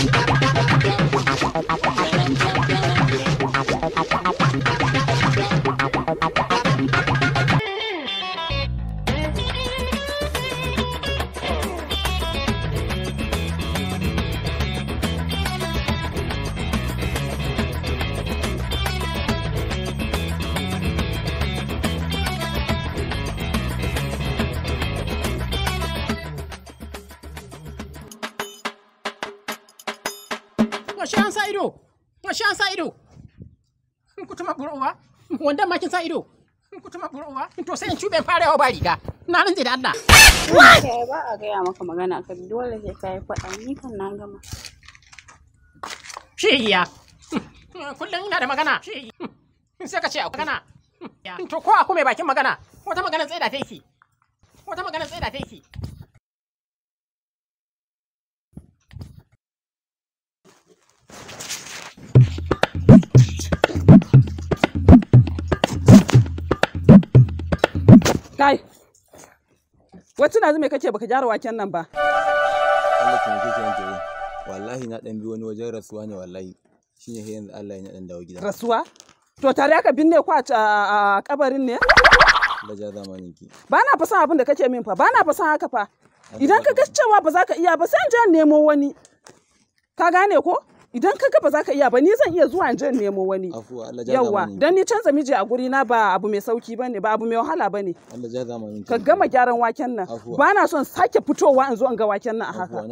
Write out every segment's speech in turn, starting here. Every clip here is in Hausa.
Thank you. ko shi an sa ido ko shi an sa ido ku tuma burowa wanda ma kin sa ido ku tuma burowa to sai in cube farawa ba riga na nan da Allah kai ba a gaya maka magana ka dole sai kai faɗa ni kan na gama shi ya kullum ina da magana shi sai ka ce a magana to ko a kuma bakin magana wata magana tsaye da feki wata magana tsaye da feki Kai. Wacce na zume kake baka gyara waken nan ba? Allah Wallahi na dan bi wani wajen rasuwa ne wallahi. Shine sai yanzu Allah ya dan dawo gida. Rasuwa? To tare aka binne ku a kabarin ne? Da ja zamanin ki. Ba na fasan abin da kake min fa, ba na fasan haka fa. Idan ka ga cewa ba za ka iya ba sai an je nemo wani. Ka gane ko? idan ka gaba za ka iya ba ni zan iya zuwa je nemo wani yawa dan ni canza miji a guri na ba abu mai sauki bane ba abu mai wahala bane ka gama gyaran waken nan ba na son sake fitowa in zo in ga waken nan a haka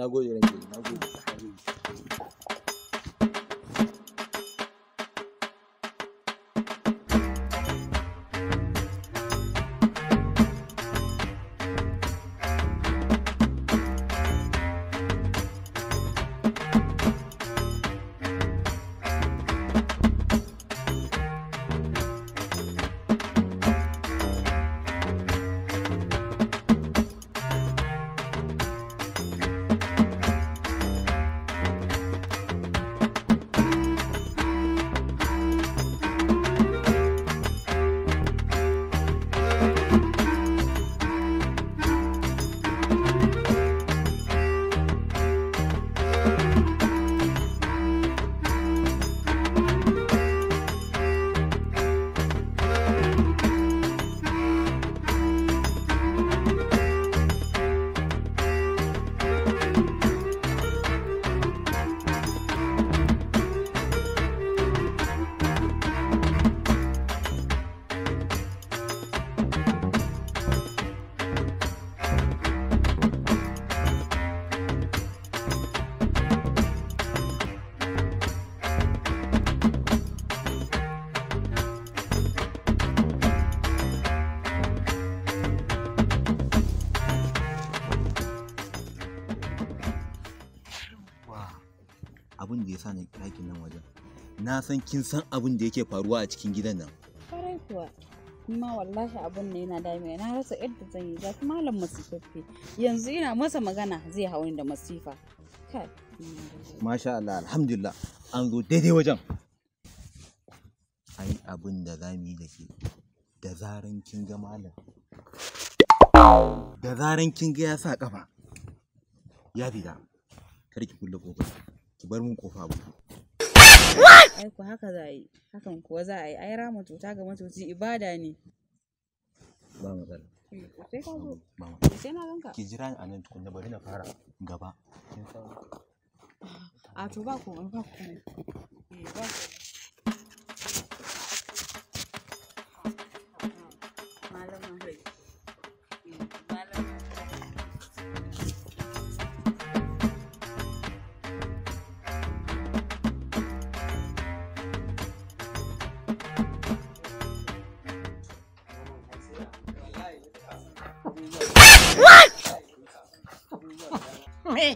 abin da ya sa na kira nan wajen na san kin san abin da yake faruwa a cikin gidan nan farai kuwa kuma wallahi abin ne yana dami na rasa yadda zan yi ga malam masifaffe yanzu ina masa magana zai hawan da masifa kai masha Allah alhamdulillah an zo daidai wajen ai abin da za mu yi da ke da zaran kin ga malam da zaran kin ga ya sa kafa ya fita kar ki kulle kofar ki bar mun kofa ba ai ku haka za a yi hakan kuwa za a yi ai rama cuta ga matuci ibada ne ba matsala eh, sai eh, sai na ganka ki jira ni a nan tukunna bari na fara gaba a ah, to ba ku ba ku eh, ba ku me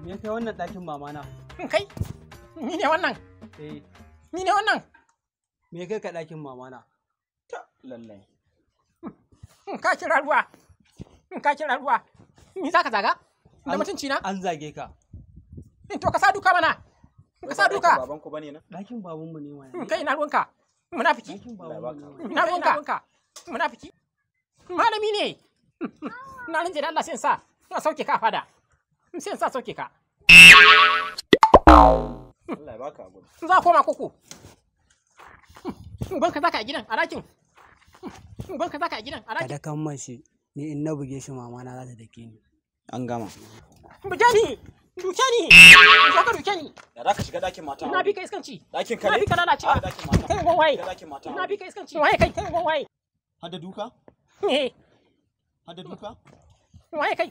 me ya kai wannan ɗakin mamana hmm, kai ni ne wannan eh ni ne wannan me ya kai ka ɗakin mamana ta lallai hmm, ka kira ruwa hmm, ka kira ruwa ni za ka zaga da mutunci na an zage ka to ka sa duka mana ka sa duka baban ku bane na ɗakin baban mu ne wannan kai na ruwanka munafiki na ruwanka munafiki malami ne na rinje da Allah sai sa na sauke ka fada sai sa sauke ka Allah baka za koma kuku zaka a gidan a ɗakin ubanka zaka a gidan a dakin. kada kan shi ni in na buge shi mama na za ta dake ni an gama buge ni duke ni zo duke ni da shiga mata na bi ka iskanci na bi ka lalacewa ah, ɗakin mata kai mata na bi ka iskanci waye kai kai duka eh duka waye kai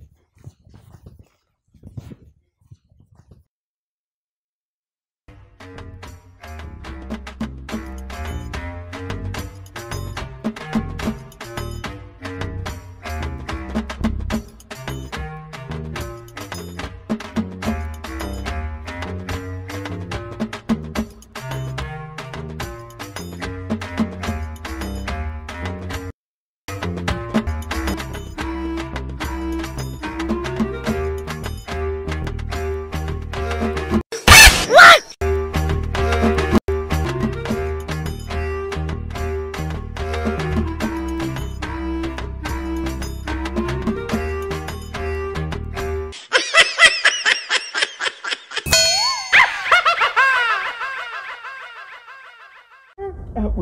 haƙuri man ake faruwa kai haƙuri kai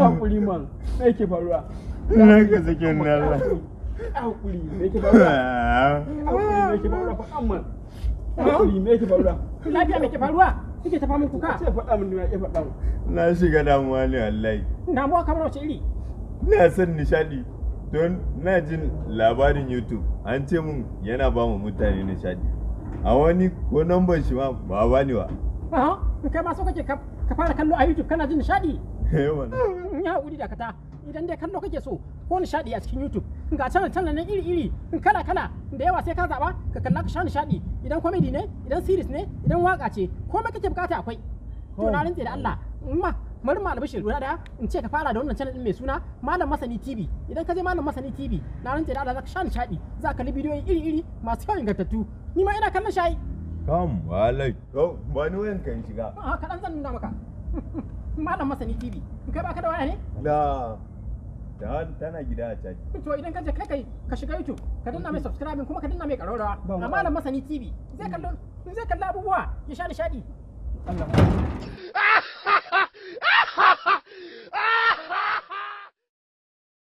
haƙuri man na ake faruwa na ka sakin na Allah haƙuri me yake faruwa haƙuri me faruwa haƙuri me faruwa lafiya me faruwa kike kuka faɗa min ke faɗa na shiga damuwa ne wallahi damuwa kamar wace iri ina son nishadi don na jin labarin youtube an ce mun yana ba mu mutane nishadi a wani ko ban shi ma ba ba ni ba kai ma so kake ka fara kallo a YouTube kana jin nishadi in eh, mm, ya haƙuri da idan dai kallo kake so ko nishadi a cikin YouTube ga channel canal nan iri iri kala kala da yawa sai ka zaba ka kalla ka sha nishadi idan comedy ne idan series ne idan waka ce komai kake bukata akwai to na rantse da Allah ma bari ma guda daya in ce ka fara da wannan channel din mai suna malam masani tv idan ka je malam masani tv na rantse da Allah zaka sha nishadi zaka kalli bidiyoyi iri iri masu kyau ingantattu ni ma ina kallon shayi Kam, walai. To, ba ni wayan kan shiga. Ah, kaɗan zan nuna maka. Malam masani TV, in kai ka da waya ne? La. Dan tana gida a caji. To idan ka je kai kai ka shiga YouTube, ka danna mai subscribe kuma ka danna mai ƙararrawa. Amma Malam masani TV, zai kallo zai kallo abubuwa ya sha shadi Allah. Ah!